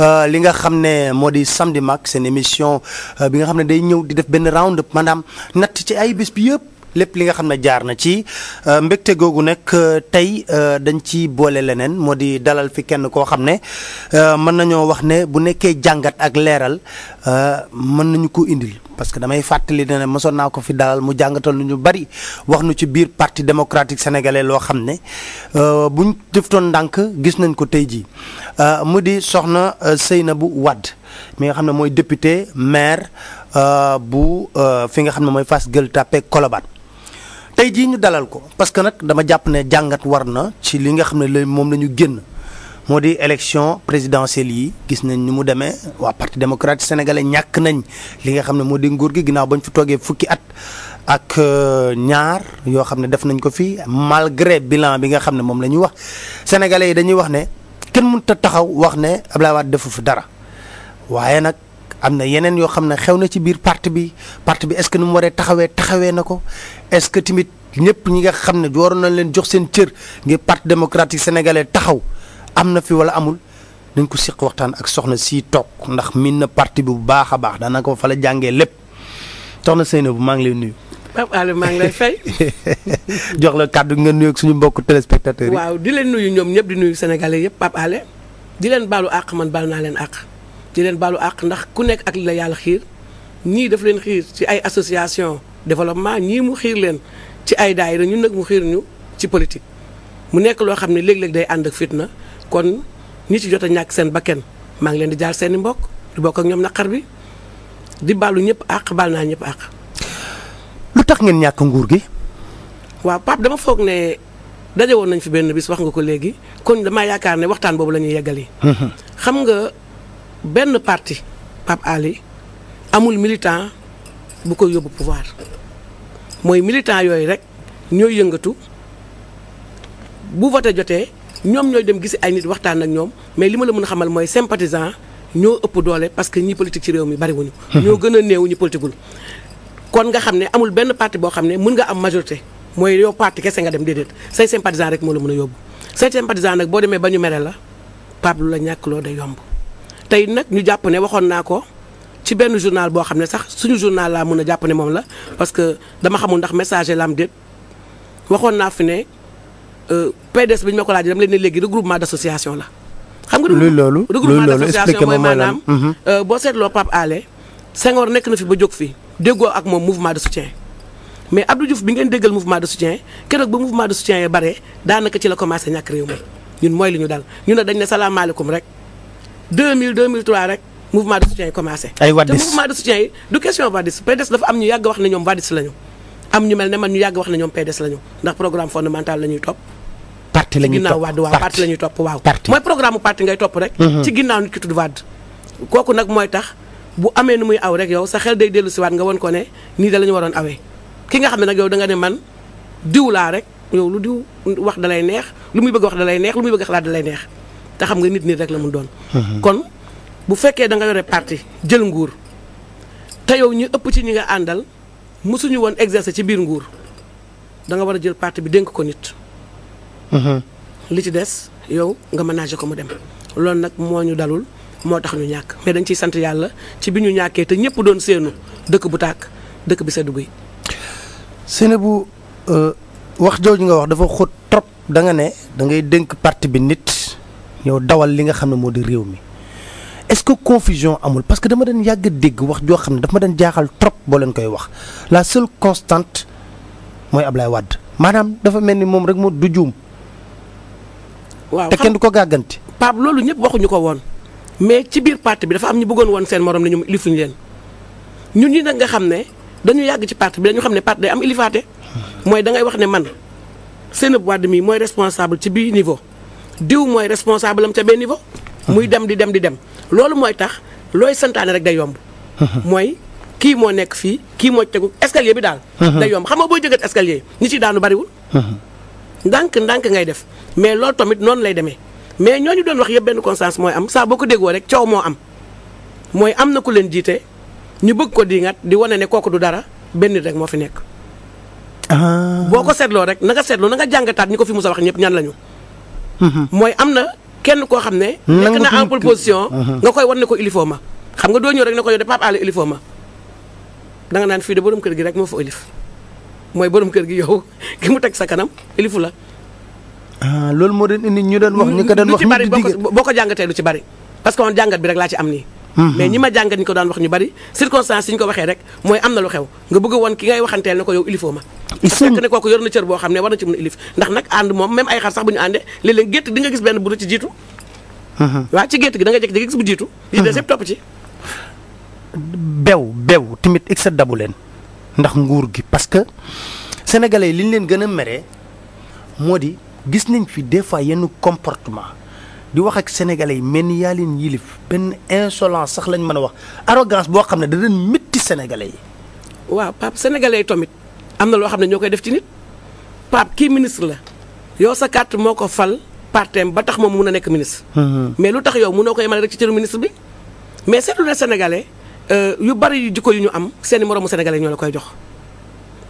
Euh, li nga xam ne moo di samedi mag seen émission euh, bi nga xam ne day ñëw di def benn round maanaam natt ci ay bés bi yëpp. lépp li nga xam ne jaar na ci euh, mbégte googu nag euh, tey euh, dañ ci boole leneen moo di dalal fi kenn koo xam ne mën nañoo wax ne bu nekkee jàngat ak leeral mën nañu ko indi parce que damay fàttali ne mosoon naa ko fi dalal mu jàngatal lu ñu bari wax nu ci biir parti démocratique sénégalais loo xam ne buñ deftoon ndànk gis nañ ko tey jii mu di soxna na bu Wade mi nga xam ne mooy député maire bu fi nga xam ne mooy Fass Gueule Tapée Colobane tey jii ñu dalal ko parce que nag dama jàpp ne jàngat war na ci li nga xam ne la moom la ñu génn moo di élection présidentielle yi gis nañ ni mu demee waa parti démocrate sénégalais ñàkk nañ li nga xam ne moo di nguur gi ginnaaw bañ fi toogee fukki at ak euh, ñaar yoo xam ne def nañ ko fii malgré bilan bi nga xam ne moom la ñuy wax sénégalais yi dañuy wax ne kenn mënut a taxaw wax ne Abdoulaye Wade defu fi dara waaye nag. am na yeneen yoo xam ne xew na ci biir parti bi parti bi est-ce que ni mu waree taxawee taxawee na ko est-ce que tamit ñëpp ñi nga xam ne waroon nañ leen jox seen cër ngir parti démocratique sénégalais taxaw am na fi wala amul nañ ko siq waxtaan ak soxna sii toog ndax min na parti bi bu baax a baax daanaka fa la jàngee lépp soxna Seynabou maa ngi leen nuyu. Pape Alé maa ngi lay fay. jox la kàddu nga nuyu ak suñu mbokk téléspectateurs yi. waaw di leen nuyu ñoom ñëpp di nuyu sénégalais yëpp Pape Alé di leen baalu àq man baal naa leen àq. di leen baalu àq ndax ku nekk ak la yàlla xiir ñii daf leen xiir ci ay association développement ñii mu xiir leen ci ay daayira ñun nag mu xiir ñu ci politique. mu nekk loo xam ne léeg-léeg day ànd ak fitna kon ñi ci jot a ñàkk seen bakken maa ngi leen di jaar seen i mbokk di bokk ak ñoom naqar bi di baalu ñëpp àq baal naa ñëpp àq. lu tax ngeen ñàkk nguur gi. waaw Pape dama foog ne daje woon nañ fi benn bis wax nga ko léegi kon damaa yaakaar ne waxtaan boobu la ñuy benn parti Pape Ali amul militant bu ko yóbbu pouvoir mooy militant yooyu rek ñooy yëngatu bu voté jotee ñoom ñooy dem gisi ay nit waxtaan ak ñoom mais li ma la mën a xamal mooy sympathisant ñoo ëpp doole parce que ñi politique ci réew mi bariwuñu hmm. ñoo gën a néew ñu politikul kon nga xam ne amul benn parti boo xam ne mën nga am majorité mooy yow parti kese nga dem déedéet say sympathisant rek moo la mën a yóbbu say sympathisant nag boo demee ba ñu mere la Pape la ñàkk loo day yomb tey nag ñu jàpp ne waxoon naa ko ci benn journal boo xam ne sax suñu journal laa mën a jàpp ne moom la parce que dama xamul ndax messager laa am déet waxoon naa fi ne euh, PDS bi ñu ma ko laajee dama leen ne léegi regroupement d' association la. xam nga loolu loolu regroupement d' association mooy maanaam. Mhm. Euh, boo seetloo Pape Alé Senghor nekk na fi ba fi déggoo ak moom mouvement de soutien. mais Abdou Diouf bi ngeen déggal mouvement de soutien keroog ba mouvement de soutien yi bare daanaka ci la commencé ñàkk réew mi mooy li ñu dal ñun ne dañ ne salaamaaleykum rek. 2000 2003 rek mouvement de soutien yi commencé. ay wadis te mouvement de soutien yi du question wadis PDS dafa am ñu yàgg wax ne ñoom wadis lañu am ñu mel ne man ñu yàgg wax ne ñoom PDS lañu ndax programme fondamental la ñuy topp. parti la ñuy topp ci ginnaaw Wade waaw parti la ñuy topp waaw. mooy programme mu parti ngay topp rek. Mhm. ci ginnaaw nit ki tudd Wade. kooku nag mooy tax bu amee nu muy aw rek yow sa xel day dellu si waat nga won ko ne nii da la ñu waroon awee ki nga xam ne nag yow da nga ne man diw laa rek yow lu diw wax da lay neex lu muy bëgg wax da lay neex lu muy bëgg xalaat da lay neex te xam nga nit nit rek la mu doon. Mhm. kon bu fekkee da nga yore parti jël nguur te yow ñu ëpp ci ñi nga àndal mosuñu woon exercer ci biir nguur danga war a jël parti bi dénk ko nit. Mhm. li ci des yow nga ménager ko mu dem loolu nag moo ñu dalul moo tax ñu ñàkk mais dañ ciy sant yàlla ci bi ñu ñàkkee te ñëpp doon seenu dëkk bu tàkk dëkk bi sedd guy. Seynabou euh, wax jooju nga wax dafa xóot trop da nga ne da ngay dénk parti bi nit. ñëw dawal li nga xam ne moo di réew mi est-ce que confusion amul parce que dama doon yàgg a dégg wax joo xam ne dafa ma doon jaaxal trop boo leen koy wax la seule constante mooy lay Wade maanaam dafa mel ni moom rek moo du juum. waaw te kenn du ko gàgganti. Pape loolu ñëpp waxuñu ko woon mais ci biir parti bi dafa am ñu bëggoon woon seen morom ne ñu ilifuñu leen ñun ñi nag nga xam ne dañu yàgg ci parti bi dañu xam ne parti day am ilifaate hmm. mooy da ngay wax ne man seen Wade mii mooy responsable ci biir niveau. diw mooy responsable ca benn niveau. muy dem di dem di dem loolu mooy tax looy santaane rek day yomb. mooy kii moo nekk fii kii moo tegu escalier bi daal. day yomb xam nga boo jëgat escalier ñi ci daanu bariwul. ndànk ndànk ngay def mais loolu tamit noonu lay demee mais ñoo ñu doon wax yëpp benn constance mooy am saa boo ko déggoo rek coow moo am mooy am na ku leen jiite ñu bëgg ko di ngat di wane ne kooku du dara benn rek moo fi nekk. Ah. boo ko seetloo rek na nga seetloo na nga jàngataat ñi ko fi musa wax ñëpp ñan lañu. mooy am na kenn koo xam ne. nekk na en pole position. Uh-huh. Uh-huh. nga koy wan ne ko uniforme ma xam nga doo ñëw rek ne ko yow de Pape Alé uniforme ma danga naan fii de borom kër gi rek moo fa ilif mooy borom kër gi yow ki mu teg sa kanam ilifu la. Ah, loolu moo doon indi ñu doon wax ñu ko doon wax. lu ci bari boo ko boo ko jàngatee lu ci bari parce que man jàngat bi rek laa ci am nii. Mm-hmm. mais ñi ma jàngat ñi ko daan wax ñu bari circonstance yi ñu ko waxee rek mooy am na lu xew nga bëgg woon ki ngay waxanteel ne ko yow ilifoo ma fekk ne kooku yor na cër boo xam ne war na ci mën a ilif ndax nag ànd moom même ay xar sax bu ñu àndee léeg-léeg gétt di nga gis benn bu ci jiitu mm-hmm. waaw ci gétt gi da nga jekk gis bu jiitu yi des mm-hmm. yëpp topp ci bew bew tamit excès dabu leen ndax nguur gi parce que sénégalais yi li ñu leen gën a mere moo di gis nañ fi des fois yenn comportement di wax ak sénégalais yi mel ni yaa leen yilif benn insolence sax lañ mën a wax arrogance boo xam ne da leen métti sénégalais yi. waaw Pape sénégalais yi tamit am na loo xam ne ñoo koy def ci nit Pape kii ministre la yow sa carte moo ko fal partem ba tax moom mun a nekk ministre. Mhm. mais lu tax yow munoo ko yemale rek ci cëru ministre bi mais seetlu na sénégalais euh, yu bari yu jikko yu ñu am seen i moromu sénégalais ñoo la koy jox.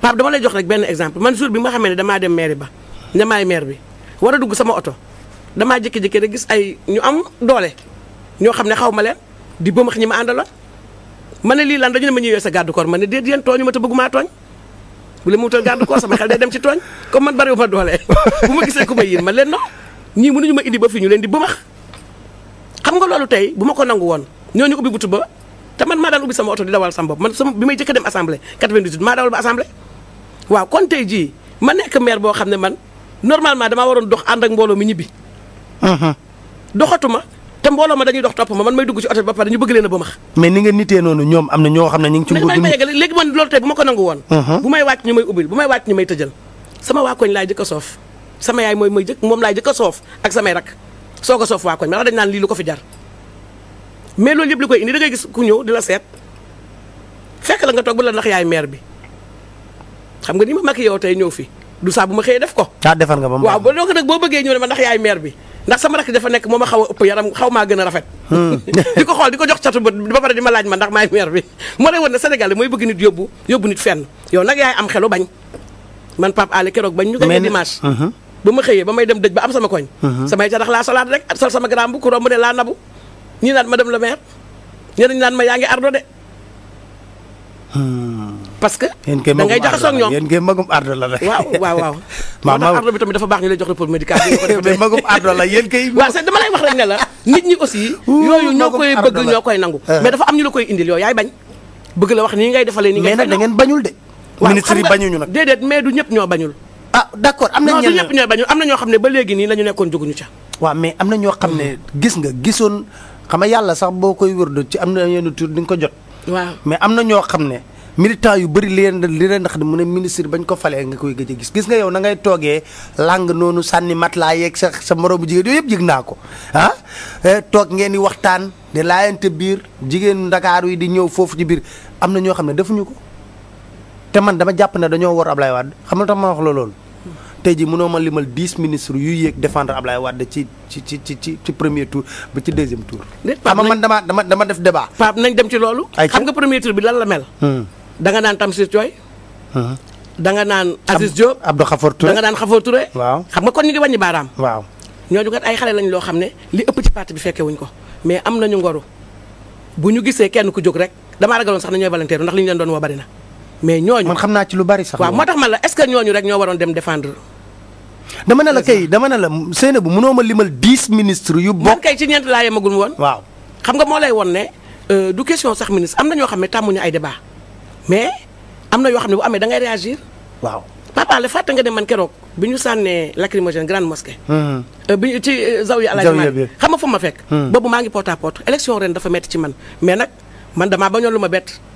Pape dama lay jox rek benn exemple man jour bi ma xamee ne damaa dem ba ne maay maire bi war dugg sama oto. damaa jékki-jékki rek gis ay ñu am doole ñoo xam ne xaw ma leen di bëmax ñi ma àndaloon ma ne lii lan dañu ne ma ñëwee sa gàddu koor ma ne déet yéen tooñu ma te bëggumaa tooñ bu leen mu wutal gàddu koor sama xel dem ci tooñ comme man bariwu ma doole bu ma gisee ku ma yéen ma leen non ñii mënuñu ma indi ba fii ñu leen di bëmax xam nga loolu tey bu ma ko nangu woon ñoo ñooñu ubbi butu ba te man maa daan ubbi sama oto di dawal sama bopp man sama bi may jëkk dem assemblée 98 maa dawal ba assemblée waaw kon tey jii ma nekk maire boo xam ne man normalement damaa waroon dox ànd ak mbooloo mi ñibbi Uh-huh. doxatuma te mbooloo ma dañuy dox topp ma man may dugg ci oto ba pare ñu bëgg leen a ba max mais ni nga nitee noonu ñoom am na ñoo xam ne ñu ngi ci nguur gi ma yeggale léegi man loolu tey bu ma ko nangu uh-huh. may wàcc ñu may sama waa koñ laay jëkk soof sama yaay mooy mooy jëkk moom laay jëkk a soof ak samay rak soo ko soof waa koñ ma dañ naan lii lu ko fi jar mais loolu yëpp li ko indi da ngay gis ku ñëw di la seet fekk la nga toog bu la ndax yaay maire bi xam nga ni ma mag yow tey ñëw fi du saa bu ma xëyee def ko. ah defar nga ba mu waaw boo ko boo bëggee ñëw ne ndax yaay maire bi ndax sama rakk dafa nekk moo ma xaw a ëpp yaram xaw maa gën a rafet hmm. di ko xool di ko jox catu bët ba pare di ma laaj ma ndax maay maire bi moo lay won ne Sénégal mooy bëgg nit yóbbu yóbbu nit fenn yow nag yaay am xelu bañ man Pape ale keroog bañ ñu gañe dimanche uh-huh. ba ma xëyee ba may dem dëj ba am sama koñ uh-huh. samay carax laa solaat rek sol sama grand bu ku romb ne laa nabu ñii naan ma dem la maire ñeneen naan ma yaa ngi ardo de hmm. parce que da ngay jaxasoo ak ñoom yéen kay magum ardo la waaw waaw maa ma ardo bi tamit dafa baax ñu lay jox rapport médical mais magum ardo la yéen kay waaw c'est dama lay wax rek ne nit ñi aussi yooyu ñoo koy bëgg ñoo koy nangu eh. mais dafa am ñu la koy indil yooyu yaay bañ bëgg la wax nii ngay defalee nii ngay mais nag da ngeen bañul de ministre yi bañuñu nag déedéet mais du ñëpp ñoo bañul a ah, d'accord am na ñenn du ñëpp ñoo bañul am na ñoo xam ne ba léegi nii la ñu nekkoon jóguñu ca waaw mais am na ñoo xam ne hmm. gis nga gisoon xam nga yàlla sax boo koy wërdu ci am na yenn tur di nga ko jot waaw mais am na ñoo xam ne militant yu bëri li leen li leen ndax mu ne ministre bañ ko falee nga koy gëj gis gis nga yow na toogee làng noonu sànni matelas yeeg sa sa moromu jigéen yooyu yëpp jig naa ko ah eh, toog ngeen di waxtaan di laayante biir jigéen ndakaaru yi di ñëw foofu ci biir am na ñoo xam ne defuñu ko te man dama jàpp ne dañoo war Ablaye Wade xam na tam ma wax la loolu tey jii mënoo ma limal dix ministres yu yéeg défendre Ablaye Wade ci ci ci ci ci premier tour ba ci deuxième tour. xam man dama dama dama def débat. Pape nañ dem ci loolu. xam nga premier bi lan la mel. Hmm. danga naan Tamsir Thioy. Uh-huh. danga naan Aziz Diop Abdou Khafour Touré danga naan Khafour Touré. waaw xam nga kon ñu ngi wàññi baaraam. waaw ñooñu kat ay xale lañ loo xam ne li ëpp ci parti bi fekke wuñ ko mais am nañu ngoru bu ñu gisee kenn ku jóg rek damaa ragaloon sax na ñooy volontaire ndax li ñu doon woo bari na mais ñooñu. man xam naa lu bari sax. waaw moo tax la est que ñooñu rek ñoo waroon dem défendre. dama ne la kay dama ne la Seynabou mënoo ma limal dix ministres yu. bokk man ñeent laa yemagul woon. waaw xam nga moo lay won ne euh, du question sax ministre am na ñoo xam ne tàmmuñu ay débat mais am na yoo xam ne bu amee da ngay réagir waaw papa la fàtte nga ne man keroog bi ñu sànnee lacrymogène grande mosquée. Hmm. Euh, bi ci euh, zawiya Alaaji Maalik xam ma fu ma fekk. Hmm. boobu maa ngi porte pot porte ren dafa metti ci man mais nag man damaa bañoon lu ma bett.